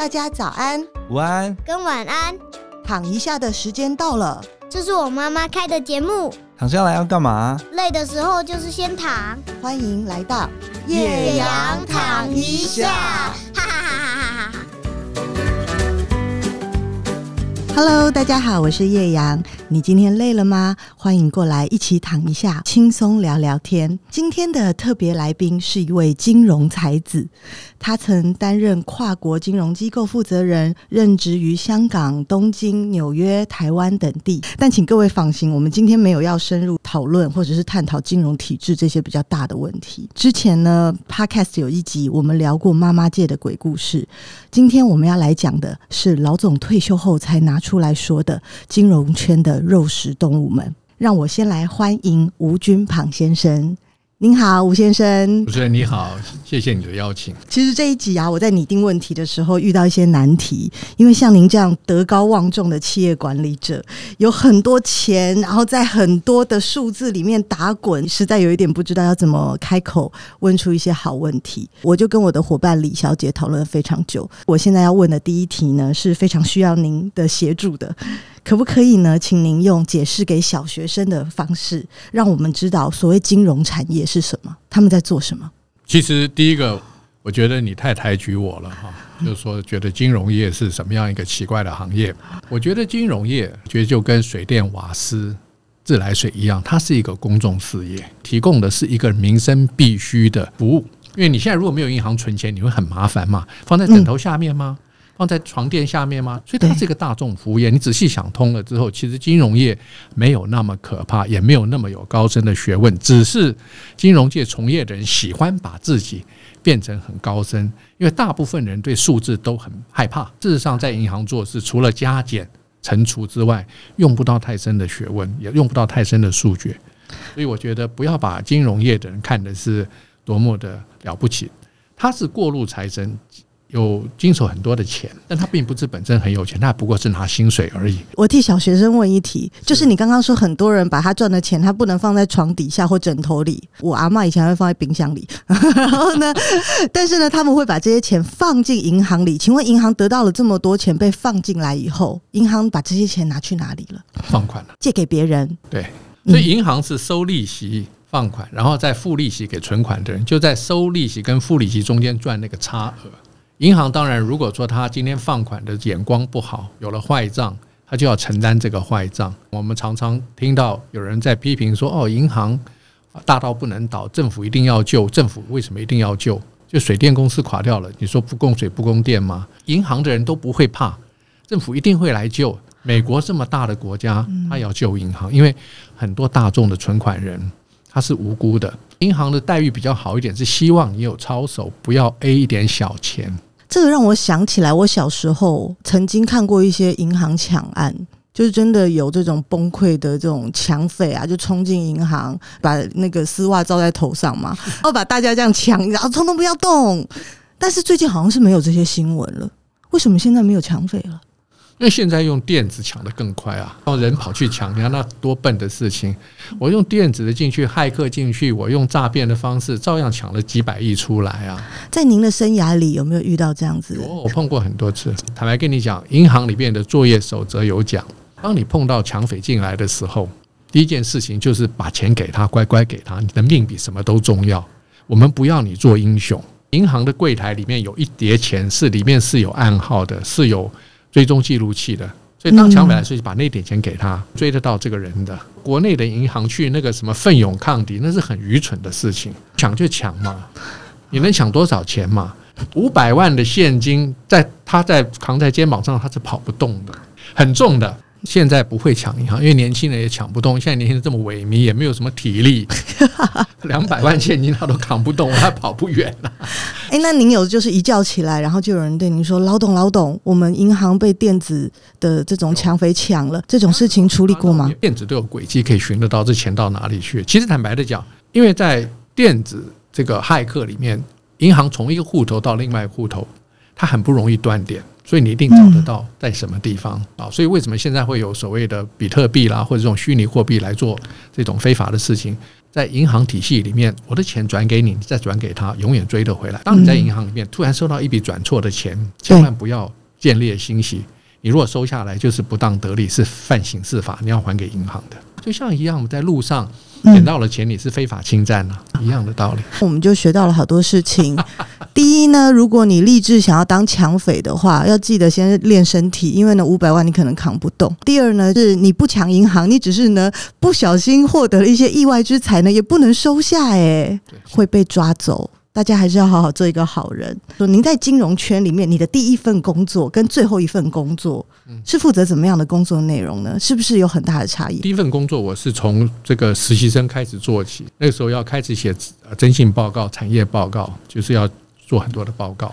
大家早安，午安跟晚安，躺一下的時間到了。這是我媽媽開的節目，躺下來要幹嘛？累的時候就是先躺。歡迎來到葉陽躺一下，哈哈哈哈哈哈！Hello，大家好，我是葉揚。你今天累了嗎？歡迎過來一起躺一下，輕鬆聊聊天。今天的特別來賓是一位金融才子，他曾擔任跨國金融機構負責人，任職於香港、東京、紐約、台灣等地。但請各位放心，我們今天沒有要深入討論或者是探討金融體制這些比較大的問題。之前呢，Podcast 有一集我們聊過媽媽界的鬼故事。今天我們要來講的是老總退休後才拿出來說的金融圈的肉食動物們，讓我先來歡迎吳均龐先生。您好，吳先生。主持人你好，謝謝你的邀請。其實這一集啊，我在擬定問題的時候遇到一些難題，因為像您這樣德高望重的企業管理者，有很多錢，然後在很多的數字裡面打滾，實在有一點不知道要怎麼開口問出一些好問題。我就跟我的夥伴李小姐討論了非常久。我現在要問的第一題呢，是非常需要您的協助的。可不可以呢？請您用解釋給小學生的方式，讓我們知道所謂金融產業是什麼，他們在做什麼？其實，第一個，我覺得你太抬舉我了，哈，就是說，覺得金融業是什麼樣一個奇怪的行業？我覺得金融業其實就跟水電、瓦斯、自來水一樣，它是一個公眾事業，提供的是一個民生必需的服務。因為你現在如果沒有銀行存錢，你會很麻煩嘛？放在枕頭下面嗎？嗯放在床墊下面嗎？所以它是一個大眾服務業。你仔細想通了之後，其實金融業沒有那麼可怕，也沒有那麼有高深的學問。只是金融界從業的人喜歡把自己變成很高深，因為大部分人對數字都很害怕。事實上，在銀行做事，除了加減乘除之外，用不到太深的學問，也用不到太深的數據。所以，我覺得不要把金融業的人看得是多麼的了不起，他是過路財神。有經手很多的錢，但他並不是本身很有錢，他不過是拿薪水而已。我替小學生問一題，是就是你剛剛說很多人把他賺的錢，他不能放在床底下或枕頭裡。我阿嬤以前會放在冰箱裡，然後呢， 但是呢，他們會把這些錢放進銀行裡。請問銀行得到了這麼多錢被放進來以後，銀行把這些錢拿去哪裡了？放款了，借給別人。對，所以銀行是收利息放款，然後再付利息給存款的人，就在收利息跟付利息中間賺那個差額。銀行當然，如果說他今天放款的眼光不好，有了壞賬，他就要承擔這個壞賬。我們常常聽到有人在批評說：“哦，銀行大到不能倒，政府一定要救。政府為什麼一定要救？就水電公司垮掉了，你說不供水、不供電嗎？銀行的人都不會怕，政府一定會來救。美國這麼大的國家，他也要救銀行，因為很多大眾的存款人他是無辜的。銀行的待遇比較好一點，是希望你有操守，不要 A 一點小錢。”這個讓我想起來，我小時候曾經看過一些銀行搶案，就是真的有這種崩潰的這種搶匪啊，就衝進銀行，把那個絲襪罩，罩在頭上嘛，然後把大家這樣搶，然後統統不要動。但是最近好像是沒有這些新聞了，為什麼現在沒有搶匪了？那現在用電子搶得更快啊，讓人跑去搶，你看那多笨的事情。我用電子的進去，駭客進去，我用詐騙的方式，照樣搶了幾百億出來啊。在您的生涯裡，有沒有遇到這樣子？我我碰過很多次。坦白跟你講，銀行裡面的作業守則有講，當你碰到搶匪進來的時候，第一件事情就是把錢給他，乖乖給他。你的命比什麼都重要。我們不要你做英雄。銀行的櫃檯裡面有一疊錢，是裡面是有暗號的，是有。追蹤記錄器的，所以當搶匪來，就是把那點錢給他，追得到這個人的。國內的銀行去那個什麼奮勇抗敵，那是很愚蠢的事情。搶就搶嘛，你能搶多少錢嘛？五百萬的現金在他在扛在肩膀上，他是跑不動的，很重的。現在不會搶銀行，因為年輕人也搶不動。現在年輕人這麼萎靡，也沒有什麼體力，兩百 萬現金他都扛不動，他跑不遠了。哎，那您有就是一覺起來，然後就有人對您說：“老董，老董，我們銀行被電子的這種搶匪搶了。”這種事情處理過嗎？嗯、電子都有軌跡可以尋得到，這錢到哪裡去？其實坦白的講，因為在電子這個駭客裡面，銀行從一個戶頭到另外一個戶頭。它很不容易斷點，所以你一定找得到在什麼地方啊！嗯、所以為什麼現在會有所謂的比特幣啦，或者這種虛擬貨幣來做這種非法的事情？在銀行體系裡面，我的錢轉給你，你再轉給他，永遠追得回來。當你在銀行裡面、嗯、突然收到一筆轉錯的錢，千萬不要見獵心喜你如果收下來就是不當得利，是犯刑事法，你要還給銀行的。就像一樣，我們在路上撿到了錢，你是非法侵占了、啊。嗯、一樣的道理。我們就學到了好多事情。第一呢，如果你立志想要當搶匪的話，要記得先練身體，因為呢五百萬你可能扛不動。第二呢，是你不搶銀行，你只是呢不小心獲得了一些意外之財呢，也不能收下、欸，誒對，會被抓走。大家還是要好好做一個好人。說，您在金融圈裡面，你的第一份工作跟最後一份工作是負責怎麼樣的工作內容呢？是不是有很大的差異？第一份工作我是從這個實習生開始做起，那個時候要開始寫徵信報告、產業報告，就是要做很多的報告。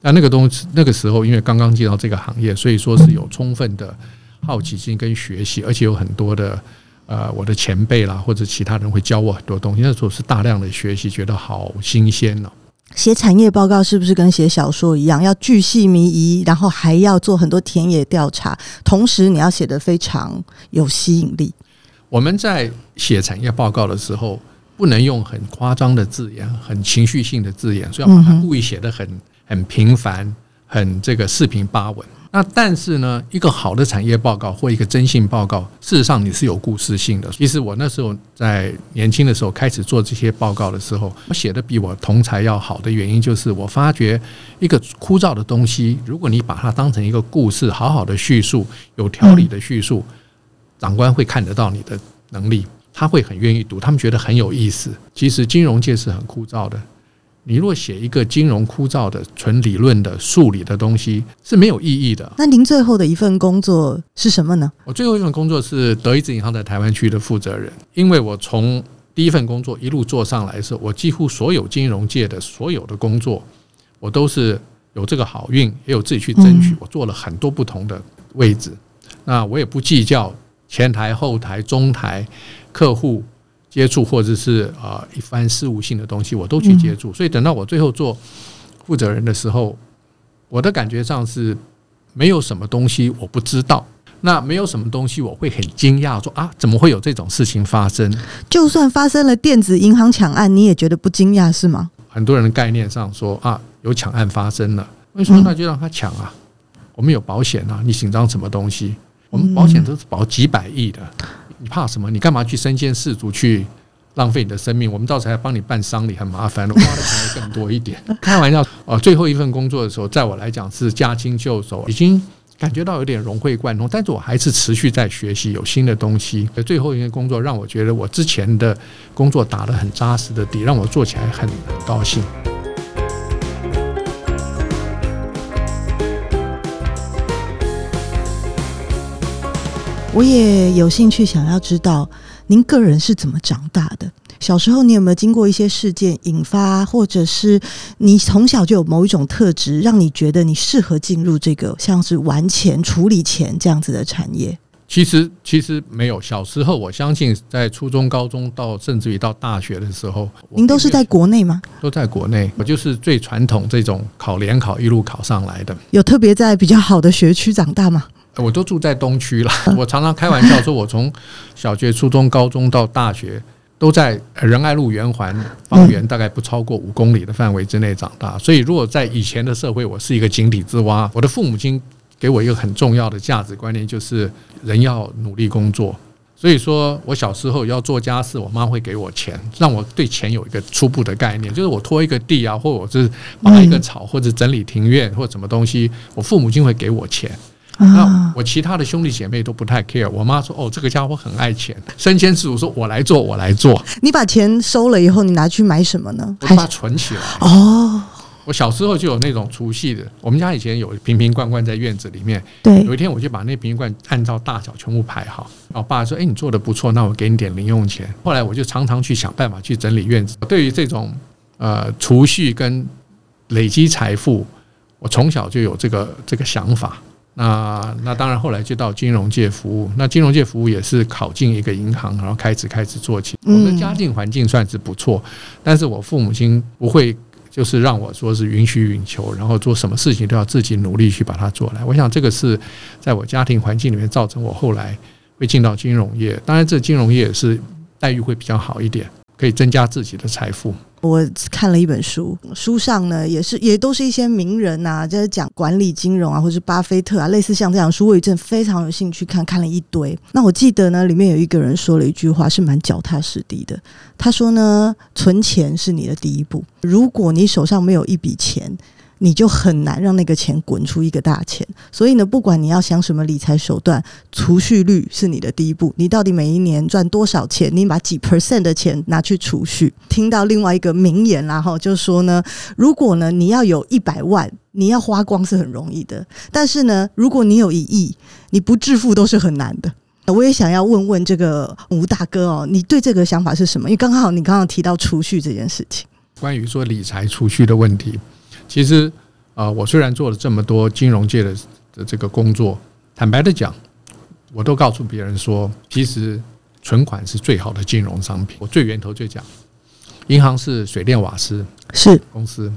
那那個東西，那個時候因為剛剛進到這個行業，所以說是有充分的好奇心跟學習，而且有很多的。呃，我的前輩啦，或者其他人會教我很多東西。那時候是大量的學習，覺得好新鮮哦。寫產業報告是不是跟寫小說一樣，要巨細靡遺，然後還要做很多田野調查，同時你要寫得非常有吸引力。我們在寫產業報告的時候，不能用很誇張的字眼，很情緒性的字眼，所以要把它故意寫得很很平凡，很這個四平八穩。那但是呢，一個好的產業報告或一個徵信報告，事實上你是有故事性的。其實我那時候在年輕的時候開始做這些報告的時候，我寫的比我同儕要好的原因，就是我發覺一個枯燥的東西，如果你把它當成一個故事，好好的敘述，有條理的敘述，長官會看得到你的能力，他會很願意讀，他們覺得很有意思。其實金融界是很枯燥的。你若寫一個金融枯燥的，純理論的，數理的東西是沒有意義的。那您最後的一份工作是什麼呢？我最後一份工作是德意志銀行在台灣區的負責人。因為我從第一份工作一路做上來時，我幾乎所有金融界的所有的工作，我都是有這個好運，也有自己去爭取。嗯。我做了很多不同的位置，那我也不計較前台、後台、中台、客戶接觸或者是啊、呃、一般事務性的東西，我都去接觸。嗯、所以等到我最後做負責人的時候，我的感覺上是沒有什麼東西我不知道，那沒有什麼東西我會很驚訝，說啊，怎麼會有這種事情發生？就算發生了電子銀行搶案，你也覺得不驚訝是嗎？很多人的概念上說啊，有搶案發生了，為什麼那就讓他搶啊？嗯、我們有保險啊，你緊張什麼東西？我們保險都是保幾百億的。嗯你怕什麼？你幹嘛去身先士卒去浪費你的生命？我們到時候還幫你辦喪禮，很麻煩，花的錢更多一點。開玩笑哦，最後一份工作的時候，在我來講是駕輕就熟，已經感覺到有點融會貫通，但是我還是持續在學習，有新的東西。最後一份工作讓我覺得我之前的工作打得很紮實的底，讓我做起來很很高興。我也有興趣想要知道您個人是怎麼長大的。小時候你有沒有經過一些事件引發，或者是你從小就有某一種特質，讓你覺得你適合進入這個像是玩錢、處理錢這樣子的產業？其實其實沒有。小時候我相信，在初中、高中到甚至於到大學的時候，您都是在國內嗎？都在國內。我就是最傳統這種考聯考一路考上來的。有特別在比較好的學區長大嗎？我都住在東區了，我常常開玩笑說，我從小學、初中、高中到大學，都在仁愛路圓環方圓大概不超過五公里的範圍之內長大。所以，如果在以前的社會，我是一個井底之蛙。我的父母親給我一個很重要的價值觀念，就是人要努力工作。所以說，我小時候要做家事，我媽會給我錢，讓我對錢有一個初步的概念。就是我拖一個地啊，或者是拔一個草，或者整理庭院，或者什麼東西，我父母親會給我錢。啊、那我其他的兄弟姐妹都不太 care。我媽說：“哦，這個家伙很愛錢。”身先士卒，說我來做，我來做。你把錢收了以後，你拿去買什麼呢？我把它存起來？哦，我小時候就有那種儲蓄的。我們家以前有瓶瓶罐罐在院子裡面。對。有一天，我就把那瓶罐按照大小全部排好。我爸說：“誒、哎，你做的不錯，那我給你點零用錢。”後來，我就常常去想辦法去整理院子。對於這種呃儲蓄跟累積財富，我從小就有這個這個想法。那那當然，後來就到金融界服務。那金融界服務也是考進一個銀行，然後開始開始做起。我的家境環境算是不錯，但是我父母親不會就是讓我說是予取予求，然後做什麼事情都要自己努力去把它做來。我想這個是在我家庭環境裡面造成我後來會進到金融業。當然，這金融業也是待遇會比較好一點。可以增加自己的財富。我看了一本書，書上呢也是也都是一些名人吶，在講管理金融啊，或是巴菲特啊，類似像這樣書。我一陣非常有興趣看看了一堆。那我記得呢，裡面有一個人說了一句話是蠻腳踏實地的。他說呢，存錢是你的第一步。如果你手上沒有一筆錢。你就很難讓那個錢滾出一個大錢，所以呢，不管你要想什麼理財手段，儲蓄率是你的第一步。你到底每一年賺多少錢？你把幾 percent 的錢拿去儲蓄。聽到另外一個名言啊，然後就是說呢，如果呢你要有一百萬，你要花光是很容易的，但是呢，如果你有一億，你不致富都是很難的。我也想要問問這個吳大哥哦，你對這個想法是什麼？因為剛好你剛剛提到儲蓄這件事情，關於說理財儲蓄的問題。其實啊，我雖然做了這麼多金融界的的這個工作，坦白的講，我都告訴別人說，其實存款是最好的金融商品，我最源頭最講。銀行是水電瓦斯是公司，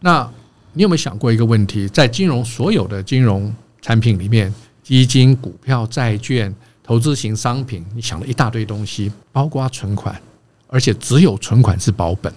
那你有沒有想過一個問題？在金融所有的金融產品裡面，基金、股票、債券、投資型商品，你想了一大堆東西，包括存款，而且只有存款是保本。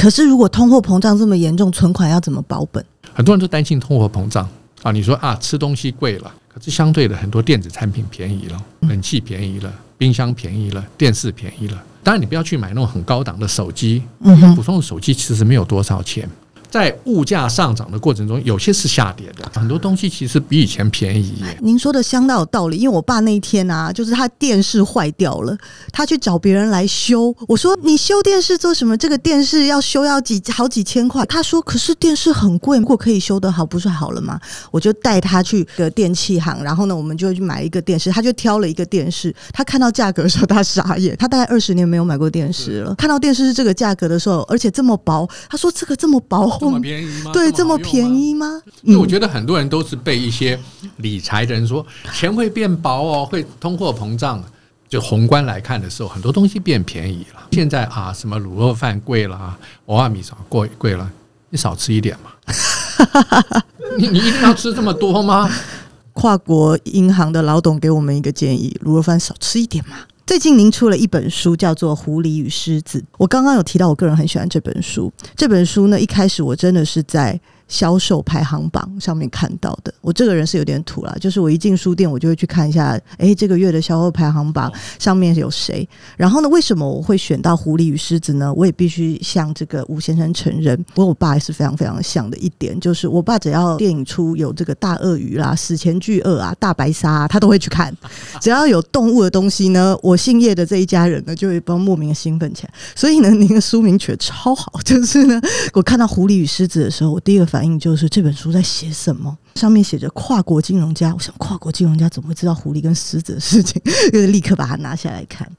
可是，如果通貨膨脹這麼嚴重，存款要怎麼保本？很多人都擔心通貨膨脹啊！你說啊，吃東西貴了，可是相對的，很多電子產品便宜了，冷氣便宜了，冰箱便宜了，電視便宜了。當然，你不要去買那種很高檔的手機，嗯哼，普通的手機其實沒有多少錢。在物價上漲的過程中，有些是下跌的，很多東西其實比以前便宜耶。您說的相當有道理。因為我爸那一天呢、啊，就是他電視壞掉了，他去找別人來修。我說：“你修電視做什麼？這個電視要修要幾好幾千塊。”他說：“可是電視很貴，如果可以修得好，不是好了嗎？”我就帶他去個電器行，然後呢，我們就去買一個電視。他就挑了一個電視，他看到價格的時候，他傻眼。他大概二十年沒有買過電視了，對看到電視是這個價格的時候，而且這麼薄，他說：“這個這麼薄。”這麼便宜嗎？嗎對，這麼便宜嗎？因為我覺得很多人都是被一些理財的人說錢會變薄哦，會通貨膨脹。就宏觀來看的時候，很多東西變便宜了。現在啊，什麼滷肉飯貴了，啊，蚵仔米少貴貴了，你少吃一點嘛。 你你一定要吃這麼多嗎？ 跨國銀行的老董給我們一個建議：滷肉飯少吃一點嘛。最近您出了一本書，叫做《狐狸與獅子》。我剛剛有提到，我個人很喜歡這本書。這本書呢，一開始我真的是在銷售排行榜上面看到的，我這個人是有點土啦。就是我一進書店，我就會去看一下，哎、欸，這個月的銷售排行榜上面有誰？然後呢，為什麼我會選到《狐狸與獅子》呢？我也必須向這個吳先生承認，不過我爸也是非常非常像的一點，就是我爸只要電影出有這個大鱷魚啦、史前巨鱷啊、大白鯊、啊，他都會去看。只要有動物的東西呢，我姓葉的這一家人呢就會幫莫名的興奮起來。所以呢，您的書名取得超好，就是呢，我看到《狐狸與獅子》的時候，我第一個反。反應就是這本書在寫什麼？上面寫着跨國金融家，我想跨國金融家怎麼會知道狐狸跟獅子的事情？於 立刻把它拿下來看。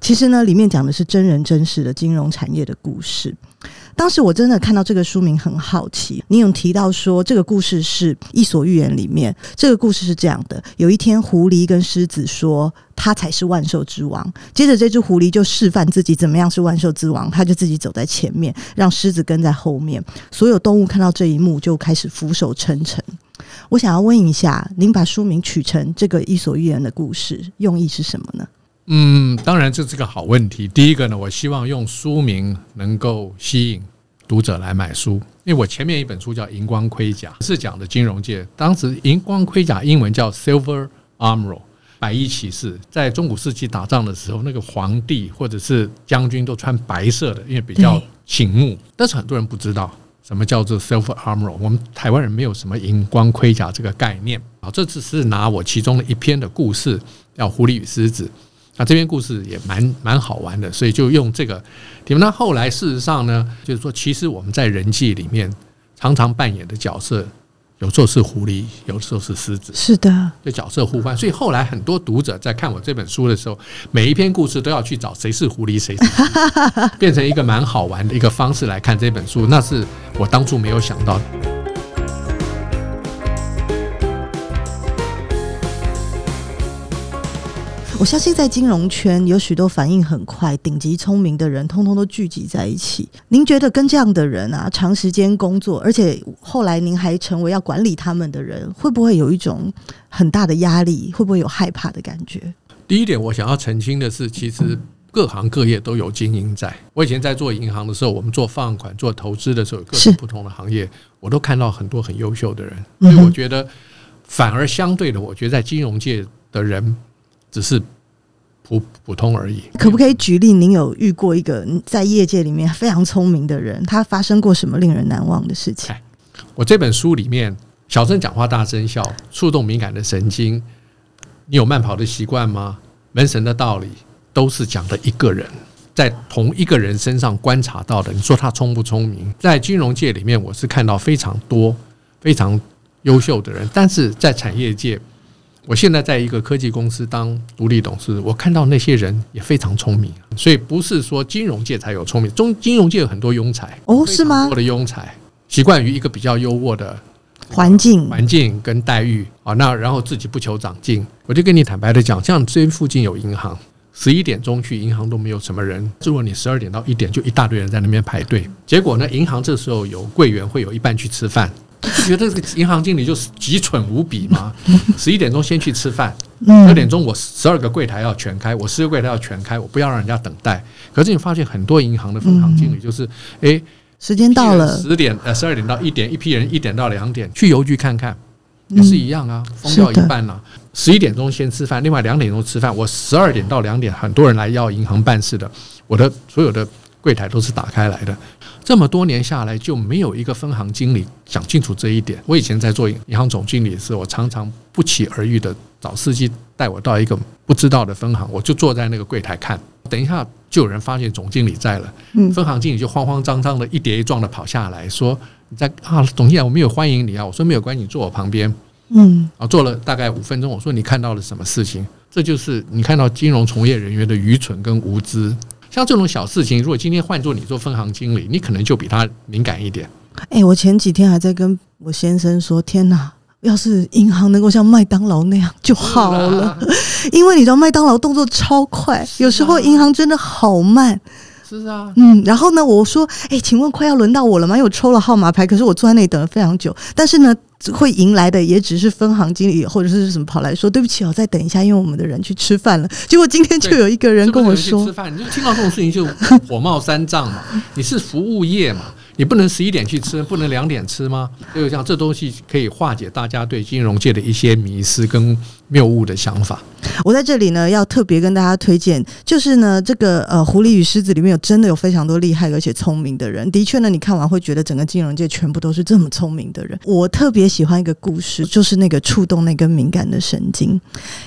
其實呢，裡面講的是真人真事的金融產業的故事。當時我真的看到這個書名很好奇，您有提到說這個故事是《伊索寓言》裡面。這個故事是這樣的：有一天，狐狸跟獅子說，他才是萬獸之王。接着，這隻狐狸就示範自己怎麼樣是萬獸之王，他就自己走在前面，讓獅子跟在後面。所有動物看到這一幕，就開始俯首稱臣。我想要問一下，您把書名取成這個《伊索寓言》的故事，用意是什麼呢？嗯，當然這是個好問題。第一個呢，我希望用書名能夠吸引讀者來買書，因為我前面一本書叫《銀光盔甲》，是講的金融界。當時銀光盔甲英文叫 Silver Armour，白衣騎士，在中古世紀打仗的時候，那個皇帝或者是將軍都穿白色的，因為比較醒目。嗯、但是很多人不知道什麼叫做 Silver Armour，我們台灣人沒有什麼銀光盔甲這個概念啊。這只是拿我其中的一篇的故事，叫《狐狸與獅子》。那這篇故事也蠻蠻好玩的，所以就用這個。你們那後來，事實上呢，就是說，其實我們在人際裡面常常扮演的角色，有時候是狐狸，有時候是獅子，是的，就角色互換。所以後來很多讀者在看我這本書的時候，每一篇故事都要去找誰是狐狸，誰是變成一個蠻好玩的一個方式來看這本書，那是我當初沒有想到的。我相信在金融圈有許多反應很快、頂級聰明的人，通通都聚集在一起。您覺得跟這樣的人啊，長時間工作，而且後來您還成為要管理他們的人，會不會有一種很大的壓力？會不會有害怕的感覺？第一點，我想要澄清的是，其實各行各業都有精英在。我以前在做銀行的時候，我們做放款、做投資的時候，有各種不同的行業，是我都看到很多很優秀的人。所以我覺得，嗯、哼反而相對的，我覺得在金融界的人。只是普普通而已。可不可以舉例？您有遇過一個在業界裡面非常聰明的人，他發生過什麼令人難忘的事情？我這本書裡面，小聲講話大聲笑，觸動敏感的神經。你有慢跑的習慣嗎？門神的道理都是講的一個人，在同一個人身上觀察到的。你說他聰不聰明？在金融界裡面，我是看到非常多非常優秀的人，但是在產業界，我現在在一個科技公司當獨立董事，我看到那些人也非常聰明，所以不是說金融界才有聰明，中金融界有很多庸才哦，是嗎？很多的庸才習慣於一個比較優渥的環境，環境跟待遇啊，那然後自己不求長進。我就跟你坦白的講，像這邊附近有銀行，十一點鐘去銀行都沒有什麼人，如果你十二點到一點就一大堆人在那邊排隊，結果呢，銀行這時候有櫃員會有一半去吃飯。就覺得這個銀行經理就是極蠢無比嘛。十一點鐘先去吃飯，二、嗯、點鐘，我十二個櫃台要全開，我十個櫃台要全開，我不要讓人家等待。可是你發現很多銀行的分行經理就是，誒、嗯、欸、時間到了，十點呃十二點到一點，一批人一點到兩點。去郵局看看，也是一樣啊，瘋、嗯、掉一半了、啊。十一的點鐘先吃飯，另外兩點鐘吃飯，我十二點到兩點很多人來要銀行辦事的，我的所有的櫃台都是打開來的。這麼多年下來，就沒有一個分行經理想清楚這一點。我以前在做銀行總經理的時候，我常常不期而遇的找司機帶我到一個不知道的分行，我就坐在那個櫃檯看，等一下就有人發現總經理在了，分行經理就慌慌張張的一跌一撞的跑下來說：“你在啊，總經理我沒有歡迎你啊。”我說：“沒有關係，你坐我旁邊。”嗯，啊，坐了大概五分鐘，我說：“你看到了什麼事情？”這就是你看到金融從業人員的愚蠢跟無知。像這種小事情，如果今天換做你做分行經理，你可能就比他敏感一點。哎、欸，我前幾天還在跟我先生說：“天哪，要是銀行能夠像麥當勞那樣就好了。是啦。”因為你知道，麥當勞動作超快，有時候銀行真的好慢。是啊，嗯，然後呢，我說：“哎、欸，請問快要輪到我了嗎？因為我抽了號碼牌，可是我坐在那裡等了非常久。但是呢。”會迎來的也只是分行經理或者是什麼跑來說，對不起哦，再等一下，因為我們的人去吃飯了。結果今天就有一個人跟我說是是吃飯 你就聽到這種事情就火冒三丈嘛？你是服務業嘛？你不能十一點去吃，不能兩點吃嗎？所以像這東西可以化解大家對金融界的一些迷思跟。謬誤的想法。我在這裡呢，要特別跟大家推薦，就是呢，這個呃，《狐狸與獅子》裡面有真的有非常多厲害而且聰明的人。的確呢，你看完會覺得整個金融界全部都是這麼聰明的人。我特別喜歡一個故事，就是那個觸動那根敏感的神經，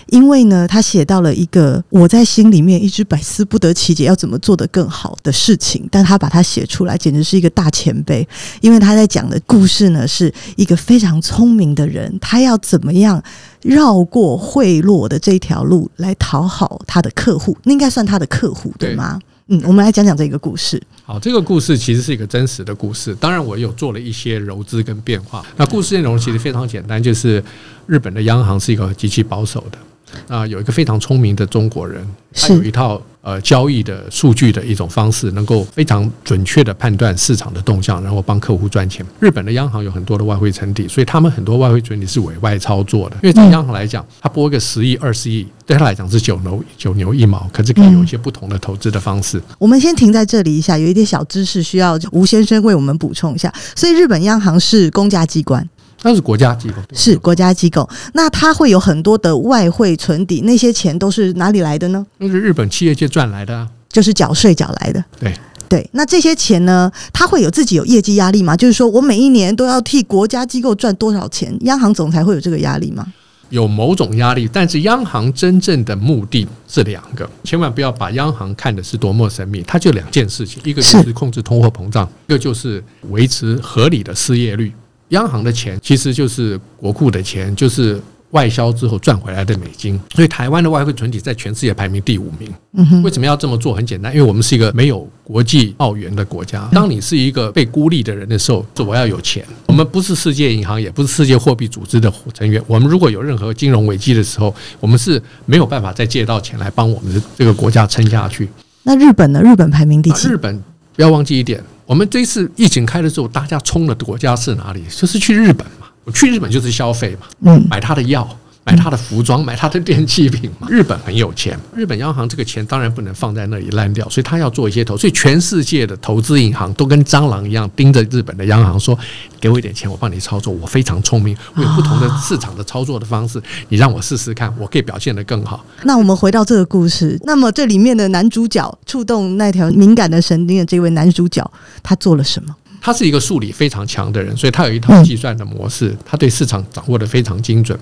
因為呢，他寫到了一個我在心裡面一直百思不得其解，要怎麼做得更好的事情。但他把它寫出來，簡直是一個大前輩，因為他在講的故事呢，是一個非常聰明的人，他要怎麼樣？繞過賄賂的這條路來討好他的客戶，那應該算他的客戶對嗎？對，嗯，我們來講講這個故事。好，這個故事其實是一個真實的故事，當然我有做了一些融資跟變化。那故事內容其實非常簡單，就是日本的央行是一個極其保守的，啊，有一個非常聰明的中國人，他有一套。呃，交易的數據的一種方式，能夠非常準確的判斷市場的動向，然後幫客戶賺錢。日本的央行有很多的外匯存底，所以他們很多外匯存底是委外操作的。因為從央行來講，嗯、他撥個十億、二十億，對他來講是九牛九牛一毛，可是可以有一些不同的投資的方式。嗯、我們先停在這裡一下，有一點小知識需要吳先生為我們補充一下。所以，日本央行是公家機關？那是國家機構，是國家機構，那它會有很多的外匯存底，那些錢都是哪裡來的呢？那是日本企業界賺來的啊，就是繳稅繳來的。對對，那這些錢呢，它會有自己有業績壓力嗎？就是說我每一年都要替國家機構賺多少錢？央行總裁會有這個壓力嗎？有某種壓力，但是央行真正的目的是兩個，千萬不要把央行看的是多麼神秘，它就兩件事情，一個就是控制通貨膨脹，是一個就是維持合理的失業率。央行的錢其實就是國庫的錢，就是外銷之後賺回來的美金。所以台灣的外匯存底在全世界排名第五名。嗯、哼為什麼要這麼做？很簡單，因為我們是一個沒有國際奧援的國家。當你是一個被孤立的人的時候，是我要有錢。我們不是世界銀行，也不是世界貨幣組織的成員。我們如果有任何金融危機的時候，我們是沒有辦法再借到錢來幫我們的這個國家撐下去。那日本呢？日本排名第幾、啊？日本。不要忘記一點，我們這次疫情開的時候，大家衝的國家是哪裡？就是去日本嘛。我去日本就是消費嘛，嗯，買他的藥。買他的服裝，買他的電器品嘛。日本很有錢，日本央行這個錢當然不能放在那裡爛掉，所以他要做一些投資。所以全世界的投資銀行都跟蟑螂一樣盯着日本的央行，說：“給我一點錢，我幫你操作。我非常聰明，我有不同的市場的操作的方式。你讓我試試看，我可以表現得更好。”那我們回到這個故事，那麼這裡面的男主角觸動那條敏感的神經的這位男主角，他做了什麼？他是一個數理非常強的人，所以他有一套計算的模式，他對市場掌握得非常精準。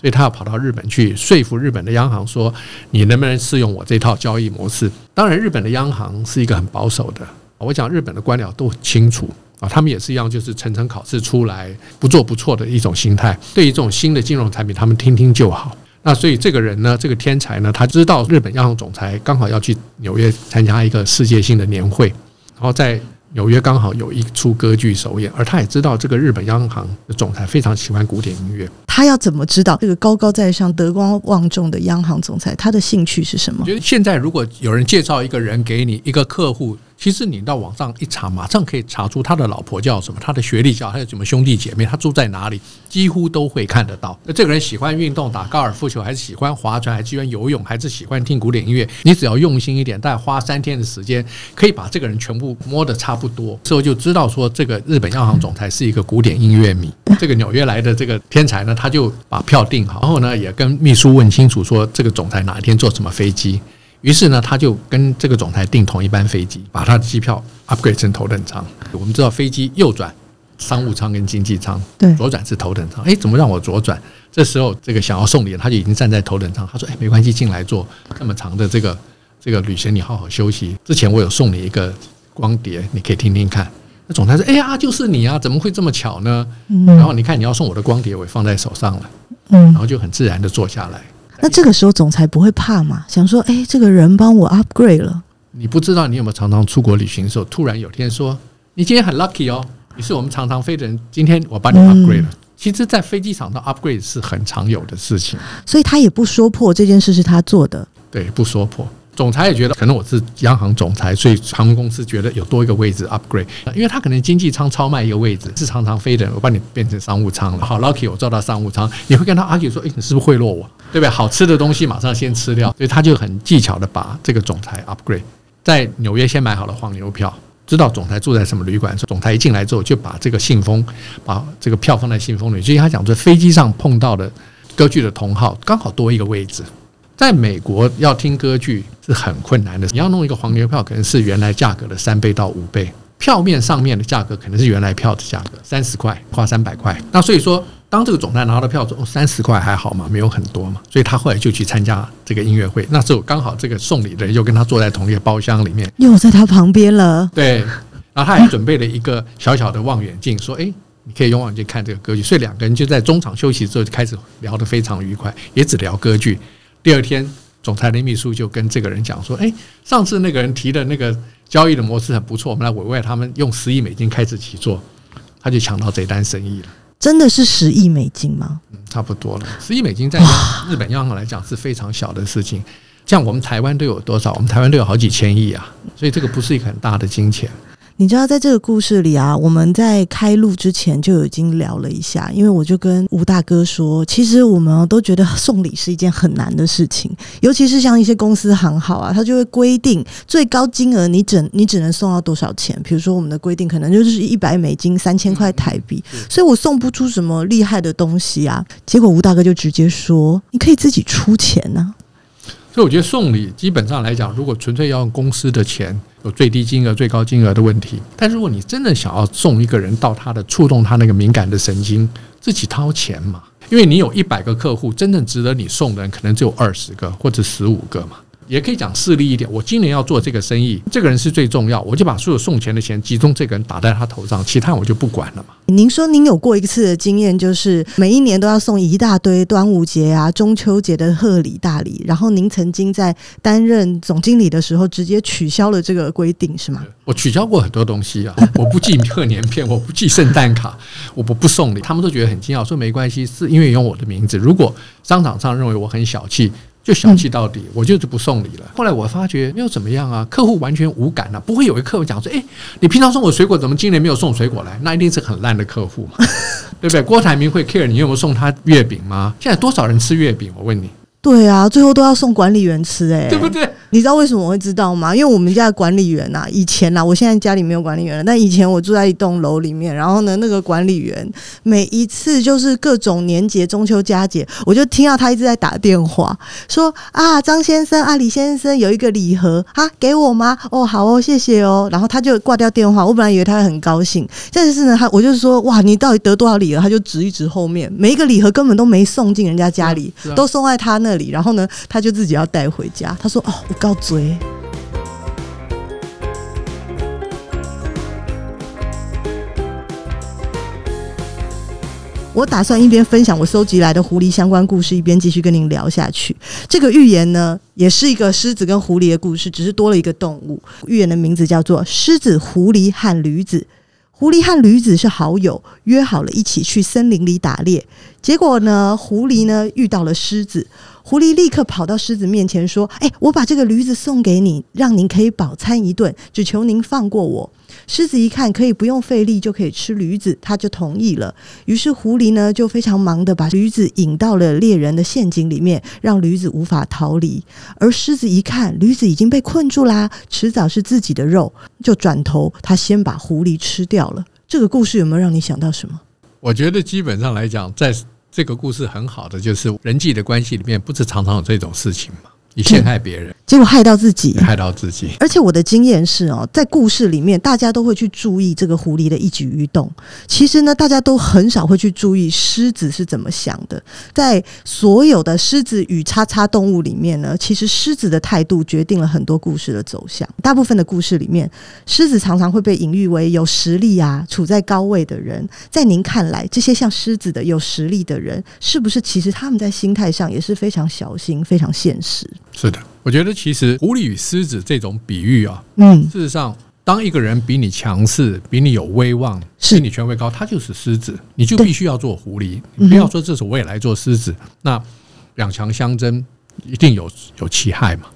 所以他要跑到日本去說服日本的央行說，你能不能適用我這套交易模式？當然，日本的央行是一個很保守的，我講日本的官僚都很清楚啊，他們也是一樣，就是層層考試出來不做不錯的一種心態。對於這種新的金融產品，他們聽聽就好。那所以這個人呢，這個天才呢，他知道日本央行總裁剛好要去紐約參加一個世界性的年會，然後在。紐約剛好有一出歌劇首演，而他也知道這個日本央行的總裁非常喜歡古典音樂。他要怎麼知道這個高高在上、德高望重的央行總裁他的興趣是什麼？我覺得現在如果有人介紹一個人給你一個客戶。其實你到網上一查，馬上可以查出他的老婆叫什麼，他的學歷叫還有什麼兄弟姐妹，他住在哪裡，幾乎都會看得到。那這個人喜歡運動、打高爾夫球，還是喜歡划船，還是喜歡游泳，還是喜歡聽古典音樂？你只要用心一點，大概花三天的時間，可以把這個人全部摸得差不多，之後就知道說，這個日本央行總裁是一個古典音樂迷。這個紐約來的這個天才呢，他就把票訂好，然後呢，也跟秘書問清楚說，這個總裁哪一天坐什麼飛機。於是呢，他就跟這個總裁訂同一班飛機，把他的機票 upgrade 成頭等艙。我們知道飛機右轉商務艙跟經濟艙，對，左轉是頭等艙。哎，怎麼讓我左轉？這時候，這個想要送禮，他就已經站在頭等艙。他說：“哎，沒關係，進來坐這麼長的這個這個旅行，你好好休息。之前我有送你一個光碟，你可以聽聽看。”那總裁說：“哎呀、啊，就是你啊，怎麼會這麼巧呢？”嗯，然後你看你要送我的光碟，我也放在手上了。嗯，然後就很自然的坐下來。那這個時候，總裁不會怕嘛？想說，誒、欸，這個人幫我 upgrade 了。你不知道，你有沒有常常出國旅行的時候，突然有天說，你今天很 lucky 哦，你是我們常常飛的人，今天我幫你 upgrade 了。嗯、其實，在飛機場的 upgrade 是很常有的事情，所以他也不說破這件事是他做的。對，不說破。總裁也覺得可能我是央行總裁，所以航空公司覺得有多一個位置 upgrade，因為他可能經濟艙超賣一個位置，是常常飛的人，我把你變成商務艙了。好，lucky 我坐到商務艙，你會跟他 argue 說：“誒、欸，你是不是賄賂我？對不對？好吃的東西馬上先吃掉。”所以他就很技巧的把這個總裁 upgrade，在紐約先買好了黃牛票，知道總裁住在什麼旅館。所以總裁一進來之後，就把這個信封把這個票放在信封裡。所以他講說，飛機上碰到的歌劇的同好，剛好多一個位置。在美國要聽歌劇是很困難的，你要弄一個黃牛票，可能是原來價格的三倍到五倍，票面上面的價格可能是原來票的價格三十塊，花三百塊。那所以說，當這個總裁拿到票之後，三十塊還好嘛，沒有很多嘛，所以他後來就去參加這個音樂會。那時候剛好這個送禮的人又跟他坐在同一個包廂裡面，又在他旁邊了。對，然後他還準備了一個小小的望遠鏡，說：“哎，你可以用望遠鏡看這個歌劇。”所以兩個人就在中場休息之後就開始聊得非常愉快，也只聊歌劇。第二天，總裁的秘書就跟這個人講說：“誒、欸，上次那個人提的那個交易的模式很不錯，我們來委外他，他們用十億美金開始起做，他就搶到這一單生意了。”真的是十億美金嗎？嗯，差不多了。十億美金在日本央行來講是非常小的事情，像哇我們台灣都有多少？我們台灣都有好幾千億啊，所以這個不是一個很大的金錢。你知道，在這個故事裡啊，我們在開錄之前就已經聊了一下，因為我就跟吳大哥說，其實我們都覺得送禮是一件很難的事情，尤其是像一些公司行號啊，他就會規定最高金額，你只你只能送到多少錢？比如說我們的規定可能就是一百美金三千塊台幣，嗯、所以我送不出什麼厲害的東西啊。結果吳大哥就直接說，你可以自己出錢啊。所以我覺得送禮基本上來講，如果純粹要用公司的錢，有最低金額、最高金額的問題。但是如果你真的想要送一個人到他的觸動他那個敏感的神經，自己掏錢嘛，因為你有一百個客戶，真正值得你送的人可能只有二十個或者十五個嘛。也可以講勢利一點，我今年要做這個生意，這個人是最重要，我就把所有送錢的錢集中這個人打在他頭上，其他我就不管了嘛。您說您有過一次的經驗，就是每一年都要送一大堆端午節啊、中秋節的賀禮大禮，然後您曾經在擔任總經理的時候，直接取消了這個規定，是嗎？我取消過很多東西啊，我不寄賀年片， 我不寄聖誕卡，我不不送禮，他們都覺得很驚訝，說沒關係，是因為用我的名字。如果商場上認為我很小氣。就小氣到底，嗯、我就是不送禮了。後來我發覺，又怎麼樣啊？客戶完全無感了，啊，不會有一客戶講說：“哎，欸，你平常送我水果，怎麼今年沒有送水果來？”那一定是很爛的客戶嘛， 對不對？郭台銘會 care 你有沒有送他月餅嗎？現在多少人吃月餅？我問你。對啊，最後都要送管理員吃，欸，哎，對不對？你知道為什麼我會知道嗎？因為我們家的管理員吶、啊，以前啊，我現在家裡沒有管理員了。但以前我住在一棟樓裡面，然後呢，那個管理員每一次就是各種年節、中秋佳節，我就聽到他一直在打電話說：“啊，張先生啊，李先生有一個禮盒啊，給我嗎？哦，好哦，謝謝哦。”然後他就掛掉電話。我本來以為他會很高興，但是呢，他我就是說：“哇，你到底得多少禮盒？”他就指一指後面，每一個禮盒根本都沒送進人家家裡，啊啊、都送在他那裡。然後呢，他就自己要帶回家。他說：“哦。”告嘴，我打算一邊分享我搜集來的狐狸相關故事，一邊繼續跟您聊下去。這個寓言呢，也是一個獅子跟狐狸的故事，只是多了一個動物。寓言的名字叫做《獅子、狐狸和驢子》。狐狸和驢子是好友，約好了一起去森林裡打獵。結果呢，狐狸呢遇到了獅子。狐狸立刻跑到獅子面前說：“哎、欸，我把這個驢子送給你，讓您可以飽餐一頓，只求您放過我。”獅子一看，可以不用費力就可以吃驢子，他就同意了。於是狐狸呢，就非常忙的把驢子引到了獵人的陷阱裡面，讓驢子無法逃離。而獅子一看，驢子已經被困住啦，遲早是自己的肉，就轉頭他先把狐狸吃掉了。這個故事有沒有讓你想到什麼？我覺得基本上來講，在。這個故事很好的，就是人際的關係裡面，不是常常有這種事情嗎？你陷害別人，結果害到自己，害到自己。而且我的經驗是哦，在故事裡面，大家都會去注意這個狐狸的一舉一動。其實呢，大家都很少會去注意獅子是怎麼想的。在所有的獅子與叉叉動物裡面呢，其實獅子的態度決定了很多故事的走向。大部分的故事裡面，獅子常常會被隱喻為有實力啊、處在高位的人。在您看來，這些像獅子的有實力的人，是不是其實他們在心態上也是非常小心、非常現實？是的，我覺得其實狐狸與獅子這種比喻啊、哦，嗯，事實上，當一個人比你強勢、比你有威望、比你權威高，他就是獅子，你就必須要做狐狸，對你不要說，這時我也來做獅子，嗯、哼那兩強相爭，一定有有其害嘛。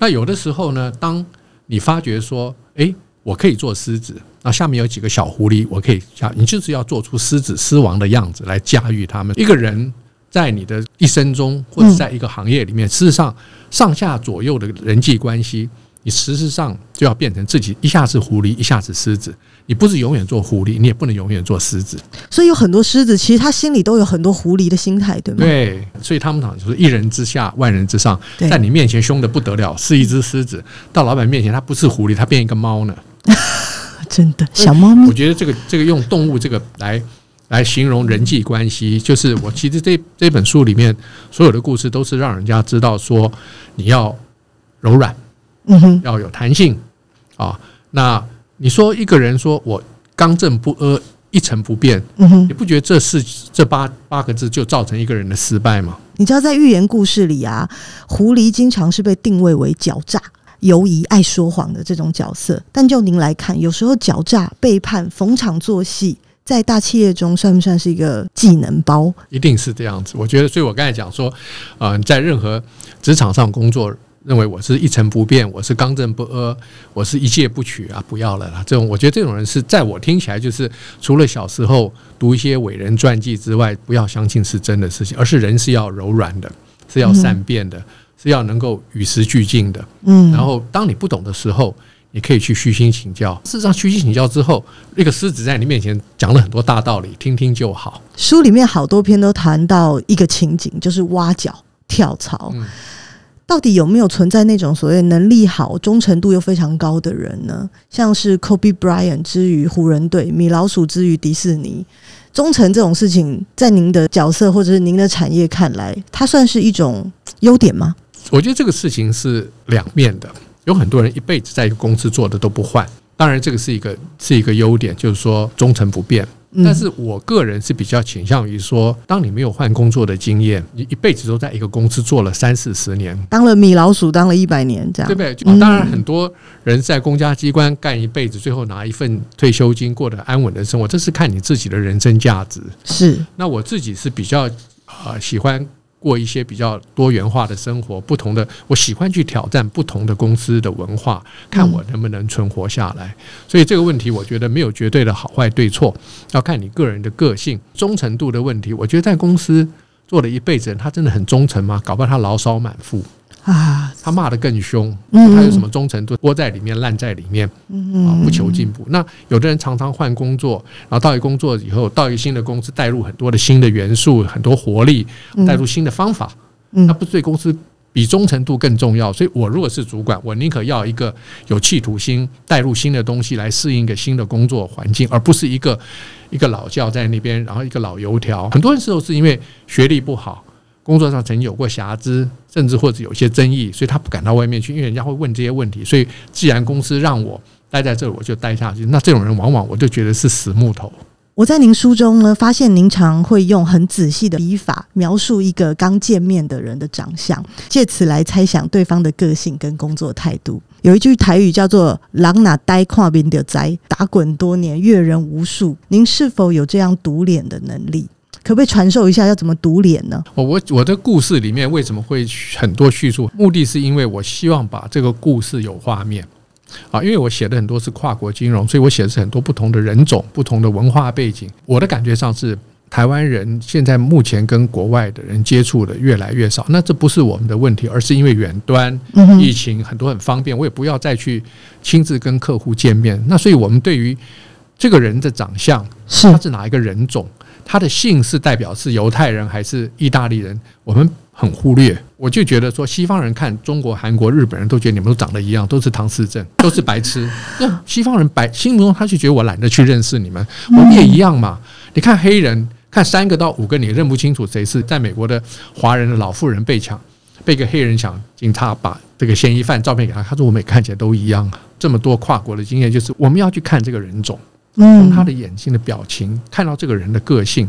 那有的時候呢，當你發覺說，哎，我可以做獅子，那下面有幾個小狐狸，我可以下，你就是要做出獅子獅王的樣子來駕馭他們。一個人。在你的一生中，或者在一個行業裡面，事實上，上下左右的人際關係，你事實上就要變成自己一下子狐狸，一下子獅子。你不是永遠做狐狸，你也不能永遠做獅子。所以有很多獅子，其實他心裡都有很多狐狸的心態，對嗎？對，所以他們講就是一人之下，萬人之上，在你面前凶得不得了，是一隻獅子；到老板面前，他不是狐狸，他變一個貓呢。 真的，小貓咪？我覺得這個這個用動物這個來。來形容人際關係，就是我其實這這本書裡面所有的故事都是讓人家知道說你要柔軟，嗯哼，要有彈性啊、哦。那你說一個人說我剛正不阿、一成不變，嗯哼，你不覺得這是這八八個字就造成一個人的失敗嗎？你知道在寓言故事裡啊，狐狸經常是被定位為狡詐、猶疑、愛說謊的這種角色，但就您來看，有時候狡詐、背叛、逢場作戲，在大企業中，算不算是一個技能包？一定是這樣子。我覺得，所以我剛才講說，嗯、呃，在任何職場上工作，認為我是一成不變，我是剛正不阿，我是一介不取啊，不要了啦。這種我覺得這種人是在我聽起來就是，除了小時候讀一些偉人傳記之外，不要相信是真的事情，而是人是要柔軟的，是要善變的，嗯、是要能夠與時俱進的。嗯，然後當你不懂的時候，你可以去虛心請教。事實上，虛心請教之後，那個獅子在你面前講了很多大道理，聽聽就好。書裡面好多篇都談到一個情景，就是挖角跳槽。嗯，到底有沒有存在那種所謂能力好、忠誠度又非常高的人呢？像是 Kobe Bryant 之於湖人隊，米老鼠之於迪士尼，忠誠這種事情，在您的角色或者是您的產業看來，它算是一種優點嗎？我覺得這個事情是兩面的。有很多人一輩子在一個公司做的都不換，當然這個是一個是一個優點，就是說忠誠不變。嗯，但是我個人是比較傾向於說，當你沒有換工作的經驗，你一輩子都在一個公司做了三四十年，當了米老鼠當了一百年，這樣對不對？當然，很多人在公家機關幹一輩子，嗯，最後拿一份退休金，過得安穩的生活，這是看你自己的人生價值。是，那我自己是比較呃喜歡。過一些比較多元化的生活，不同的，我喜歡去挑戰不同的公司的文化，看我能不能存活下來。嗯。所以這個問題，我覺得沒有絕對的好壞對錯，要看你個人的個性、忠誠度的問題。我覺得在公司做了一輩子，他真的很忠誠嗎？搞不好他牢騷滿腹。啊，他罵得更凶。嗯嗯，他有什麼忠誠度，窩在裡面，爛在裡面，裡面嗯，嗯、哦、不求進步。那有的人常常換工作，然後到一工作以後到一新的公司，帶入很多的新的元素，很多活力，帶入新的方法。嗯、那不是對公司比忠誠度更重要。所以我如果是主管，我寧可要一個有企圖心，帶入新的東西來適應一個新的工作環境，而不是一個一個老教在那邊，然後一個老油條。很多人時候是因為學歷不好。工作上曾經有過瑕疵，甚至或者有些爭議，所以他不敢到外面去，因為人家會問這些問題。所以，既然公司讓我待在這兒，我就待下去。那這種人，往往我就覺得是死木頭。我在您書中呢，發現您常會用很仔細的筆法描述一個剛見面的人的長相，借此來猜想對方的個性跟工作態度。有一句台語叫做“人若呆，看面就知”，打滾多年，閱人無數。您是否有這樣讀臉的能力？可不可以傳授一下要怎麼讀臉呢？我我我的故事裡面為什麼會很多敘述？目的是因為我希望把這個故事有畫面啊，因為我寫的很多是跨國金融，所以我寫的是很多不同的人種、不同的文化背景。我的感覺上是台灣人現在目前跟國外的人接觸的越來越少，那這不是我們的問題，而是因為遠端疫情很多很方便，嗯哼，我也不要再去親自跟客戶見面。那所以我們對於這個人的長相是他是哪一個人種？他的姓、是代表是猶太人還是意大利人，我們很忽略。我就覺得說，西方人看中國、韓國、日本人都覺得你們都長得一樣，都是唐氏症，都是白痴。那西方人白心目中他就覺得我懶得去認識你們，我們也一樣嘛。你看黑人看三個到五個，你認不清楚誰是在美國的華人的老婦人被搶，被個黑人搶，警察把這個嫌疑犯照片給他，他說我們也看起來都一樣啊。這麼多跨國的經驗就是，我們要去看這個人種。從他的眼睛的表情，看到這個人的個性，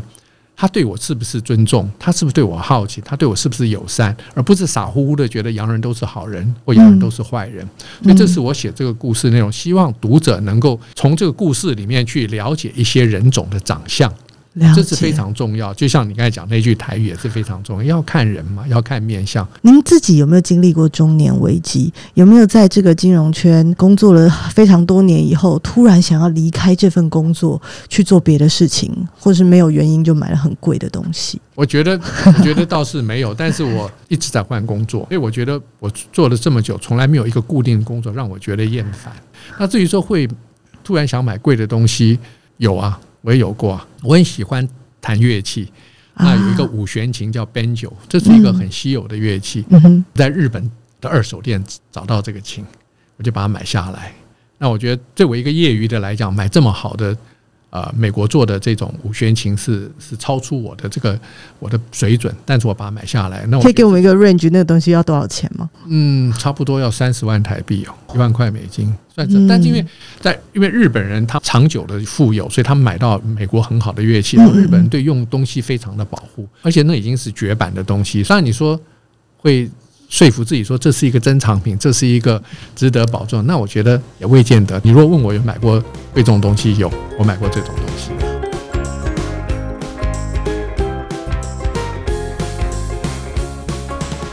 他對我是不是尊重？他是不是對我好奇？他對我是不是友善？而不是傻乎乎的覺得洋人都是好人或洋人都是壞人。所以，這是我寫這個故事內容，希望讀者能夠從這個故事裡面去了解一些人種的長相。了啊，這是非常重要，就像你剛才講那句台語也是非常重要，要看人嘛，要看面相。您自己有沒有經歷過中年危機？有沒有在這個金融圈工作了非常多年以後，突然想要離開這份工作去做別的事情，或是沒有原因就買了很貴的東西？我覺得，我覺得倒是沒有， 但是我一直在換工作，所以我覺得我做了這麼久，從來沒有一個固定工作讓我覺得厭煩。那至於說會突然想買貴的東西，有啊。我也有過，我很喜歡彈樂器。那有一個五弦琴叫 Banjo，這是一個很稀有的樂器，嗯、在日本的二手店找到這個琴，我就把它買下來。那我覺得，作為一個業餘的來講，買這麼好的。呃，美國做的這種五弦琴是是超出我的這個我的水準，但是我把它買下來，那我可以給我們一個 range，那個東西要多少錢嗎？嗯，差不多要三十萬台幣哦，一萬塊美金算，算是、嗯。但是因為在因為日本人他長久的富有，所以他們買到美國很好的樂器。日本人對用東西非常的保護，嗯嗯，而且那已經是絕版的東西。雖然你說會。說服自己說這是一個珍藏品，這是一個值得保重，那我覺得也未見得。你如果問我有買過貴重的東西，有，我買過這種東西。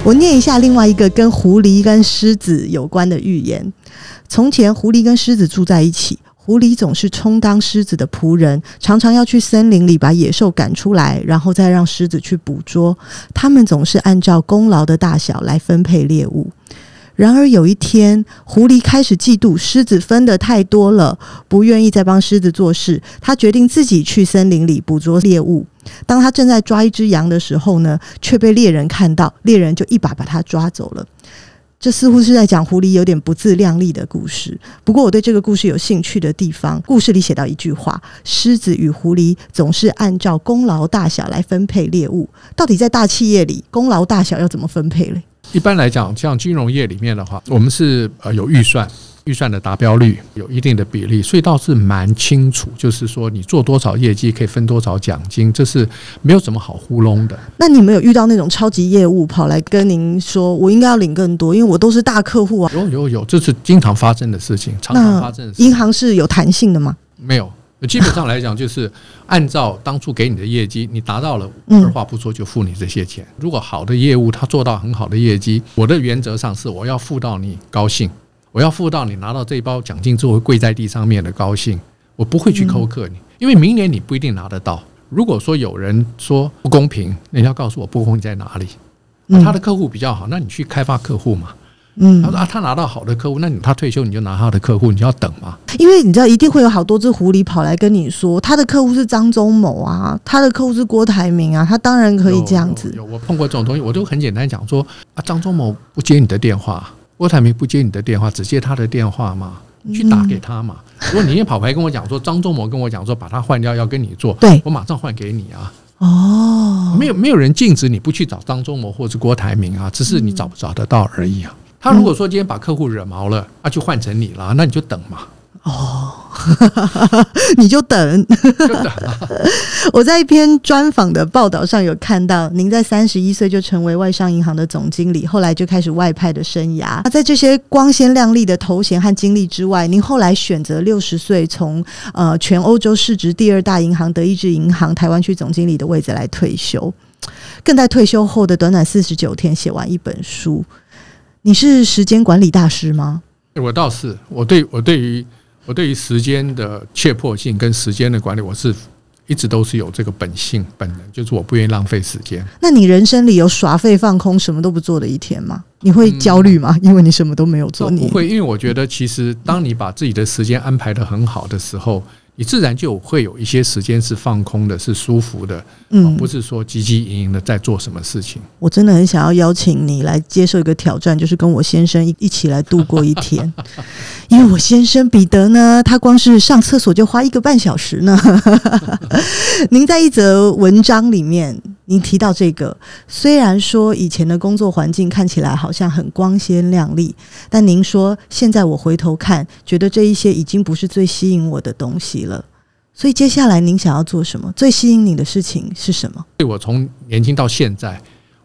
我念一下另外一個跟狐狸跟獅子有關的寓言：從前，狐狸跟獅子住在一起。狐狸總是充當獅子的僕人，常常要去森林裡把野獸趕出來，然後再讓獅子去捕捉。他們總是按照功勞的大小來分配獵物。然而有一天，狐狸開始嫉妒獅子分得太多了，不願意再幫獅子做事。他決定自己去森林裡捕捉獵物。當他正在抓一隻羊的時候呢，卻被獵人看到，獵人就一把把他抓走了。這似乎是在講狐狸有點不自量力的故事。不過我對這個故事有興趣的地方，故事裡寫到一句話：“獅子與狐狸總是按照功勞大小來分配獵物。”到底在大企業裡，功勞大小要怎麼分配呢？一般來講，像金融業裡面的話，我們是呃有預算。嗯嗯預算的達標率有一定的比例，所以倒是蠻清楚，就是說你做多少業績可以分多少獎金，這是沒有什麼好糊弄的。那你沒有遇到那種超級業務跑來跟您說，我應該要領更多，因為我都是大客戶啊？有有有，這是經常發生的事情，常常發生的事情。銀行是有彈性的嗎？沒有，基本上來講就是按照當初給你的業績，你達到了，嗯，二話不說就付你這些錢。如果好的業務他做到很好的業績，我的原則上是我要付到你高興。我要付到你拿到這一包獎金之後會，跪在地上面的高興，我不會去苛刻你，嗯、因為明年你不一定拿得到。如果說有人說不公平，你要告訴我不公平在哪裡？啊、他的客戶比較好，嗯、那你去開發客戶嘛。嗯，他說啊，他拿到好的客戶，那你，他退休你就拿他的客戶，你就要等嘛。因為你知道一定會有好多只狐狸跑來跟你說，他的客戶是張忠謀啊，他的客戶是郭台銘啊，他當然可以這樣子。有，有，有我碰過這種東西，我都很簡單講說啊，張忠謀不接你的電話。郭台銘不接你的電話，只接他的電話嘛？去打給他嘛。嗯、如果你一天跑來跟我講說，張忠謀跟我講說把他換掉，要跟你做，對我馬上換給你啊！哦，沒有沒有人禁止你不去找張忠謀或者郭台銘啊，只是你找不找得到而已啊。嗯、他如果說今天把客戶惹毛了，那就換成你了，那你就等嘛。哦， 你就等,就等啊？ 我在一篇專訪的報道上有看到，您在三十一歲就成為外商銀行的總經理，後來就開始外派的生涯。那在這些光鮮亮麗的頭銜和經歷之外，您後來選擇六十歲從呃全歐洲市值第二大銀行德意志銀行台灣區總經理的位置來退休，更在退休後的短短四十九天寫完一本書。你是時間管理大師嗎？欸，我倒是，我對我對於。我對於時間的切迫性跟時間的管理，我是一直都是有這個本性，本能就是我不願意浪費時間。那你人生裡有耍廢放空什麼都不做的一天嗎？你會焦慮嗎？嗯，因為你什麼都沒有做。我不會，因為我覺得其實當你把自己的時間安排得很好的時候，你自然就會有一些時間是放空的，是舒服的，嗯，而不是說汲汲營營的在做什麼事情。我真的很想要邀請你來接受一個挑戰，就是跟我先生一一起來度過一天， 因為我先生彼得呢，他光是上廁所就花一個半小時呢。 您在一則文章裡面。您提到這個，雖然說以前的工作環境看起來好像很光鮮亮麗，但您說現在我回頭看，覺得這一些已經不是最吸引我的東西了。所以接下來您想要做什麼？最吸引你的事情是什麼？對，我從年輕到現在，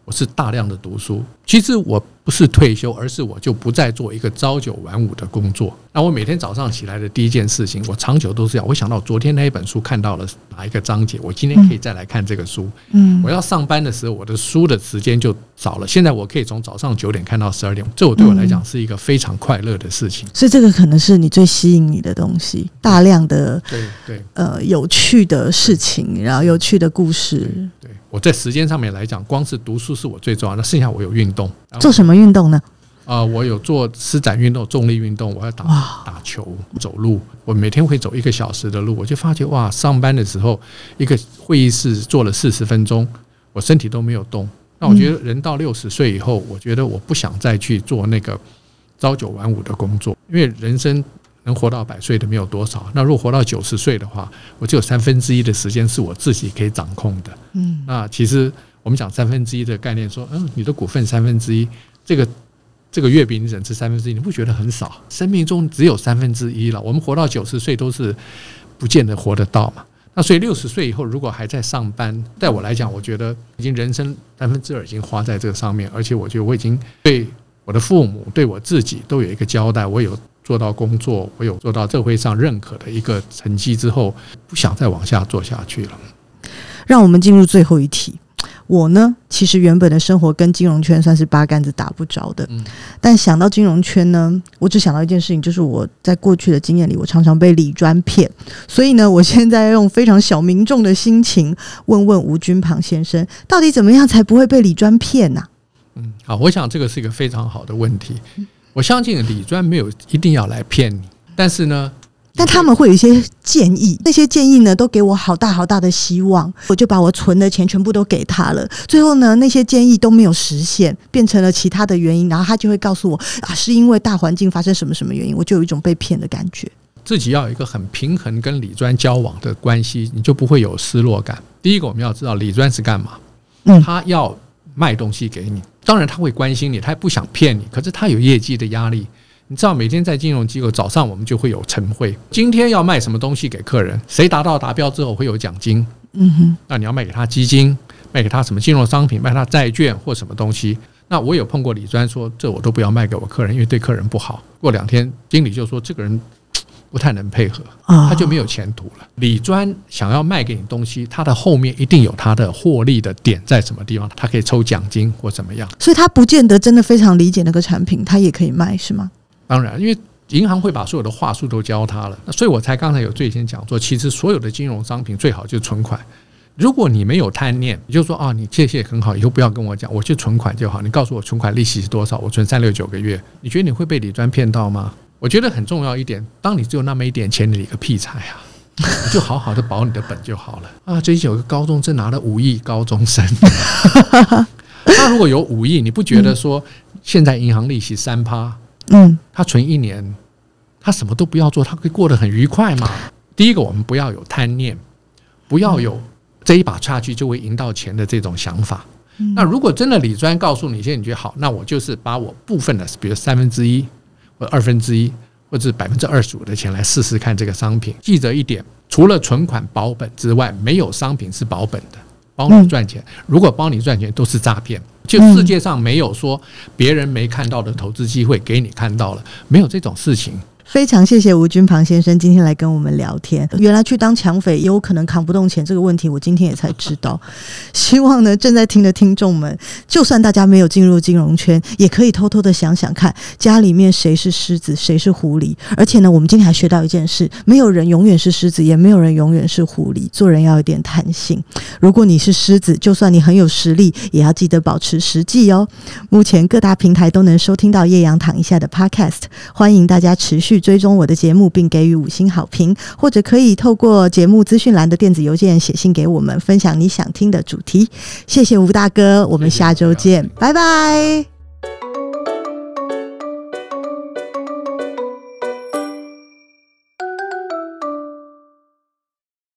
我是大量的讀書。其實我不是退休，而是我就不再做一個朝九晚五的工作。那我每天早上起來的第一件事情，我長久都是這樣。我想到我昨天那一本書看到了哪一個章節，我今天可以再來看這個書。嗯，我要上班的時候，我的書的時間就少了。現在我可以從早上九點看到十二點，這我對我來講是一個非常快樂的事情。嗯，所以這個可能是你最吸引你的東西，大量的，對，對，對，呃，有趣的事情，然後有趣的故事。對，對，對，我在時間上面來講，光是讀書是我最重要的，剩下我有運動。做什麼運動呢？啊、呃，我有做伸展運動、重力運動，我要打哇打球、走路。我每天會走一個小時的路，我就發覺哇，上班的時候一個會議室坐了四十分鐘，我身體都沒有動。那我覺得人到六十歲以後，我覺得我不想再去做那個朝九晚五的工作，因為人生能活到百歲的沒有多少。那如果活到九十歲的話，我只有三分之一的時間是我自己可以掌控的。嗯，那其實。我們講三分之一的概念說，說嗯，你的股份三分之一，這個這個月餅你只能吃三分之一，你不覺得很少？生命中只有三分之一了，我們活到九十歲都是不見得活得到嘛。那所以六十歲以後，如果還在上班，在我來講，我覺得已經人生三分之二已經花在這個上面，而且我覺得我已經對我的父母、對我自己都有一個交代，我有做到工作，我有做到社會上認可的一個成績之後，不想再往下做下去了。讓我們進入最後一題。我呢，其實原本的生活跟金融圈算是八竿子打不着的，嗯、但想到金融圈呢，我只想到一件事情，就是我在過去的經驗裡，我常常被理專騙，所以呢，我現在用非常小民眾的心情問問吳均龐先生，到底怎麼樣才不會被理專騙呢？啊？嗯，好，我想這個是一個非常好的問題，我相信理專沒有一定要來騙你，但是呢。但他們會有一些建議，那些建議呢，都給我好大好大的希望，我就把我存的錢全部都給他了。最後呢，那些建議都沒有實現，變成了其他的原因，然後他就會告訴我啊，是因為大環境發生什麼什麼原因，我就有一種被騙的感覺。自己要有一個很平衡跟理專交往的關係，你就不會有失落感。第一個，我們要知道理專是幹嘛？嗯，他要賣東西給你，當然他會關心你，他也不想騙你，可是他有業績的壓力。你知道每天在金融機構，早上我們就會有晨會。今天要賣什麼東西給客人？誰達到達標之後會有獎金？嗯哼，那你要賣給他基金，賣給他什麼金融商品，賣他債券或什麼東西？那我有碰過理專說，這我都不要賣給我客人，因為對客人不好。過兩天經理就說這個人不太能配合，他就沒有前途了。哦，理專想要賣給你東西，他的後面一定有他的獲利的點在什麼地方，他可以抽獎金或怎麼樣。所以他不見得真的非常理解那個產品，他也可以賣是嗎？當然，因為銀行會把所有的話術都教他了，所以我才剛才有最先講說，其實所有的金融商品最好就是存款。如果你沒有貪念，你就說啊，你謝謝很好，以後不要跟我講，我去存款就好。你告訴我存款利息是多少，我存三六九個月，你覺得你會被理專騙到嗎？我覺得很重要一點，當你只有那麼一點錢，你理個屁財啊，就好好的保你的本就好了啊。最近有個高中生拿了五億高中生、啊，他、啊、如果有五億，你不覺得說現在銀行利息三趴？嗯，他存一年，他什麼都不要做，他可以過得很愉快嘛。第一個，我們不要有貪念，不要有這一把差距就會贏到錢的這種想法。嗯、那如果真的理專告訴你，現在你覺得好，那我就是把我部分的，比如三分之一或二分之一或者百分之二十五的錢來試試看這個商品。記着一點，除了存款保本之外，沒有商品是保本的。幫你賺錢，嗯，如果幫你賺錢都是詐騙。就世界上沒有說別人沒看到的投資機會給你看到了，沒有這種事情。非常謝謝吳均龐先生今天來跟我們聊天。原來去當搶匪也有可能扛不動錢這個問題，我今天也才知道。希望呢，正在聽的聽眾們，就算大家沒有進入金融圈，也可以偷偷的想想看，家裡面誰是獅子，誰是狐狸。而且呢，我們今天還學到一件事：沒有人永遠是獅子，也沒有人永遠是狐狸。做人要有點彈性。如果你是獅子，就算你很有實力，也要記得保持實際哦。目前各大平台都能收聽到葉揚躺一下的 Podcast，歡迎大家持續。去追蹤我的節目，並給予五星好評，或者可以透過節目資訊欄的電子郵件寫信給我們，分享你想聽的主題。謝謝吳大哥，我們下週見，謝謝拜拜。拜拜拜拜。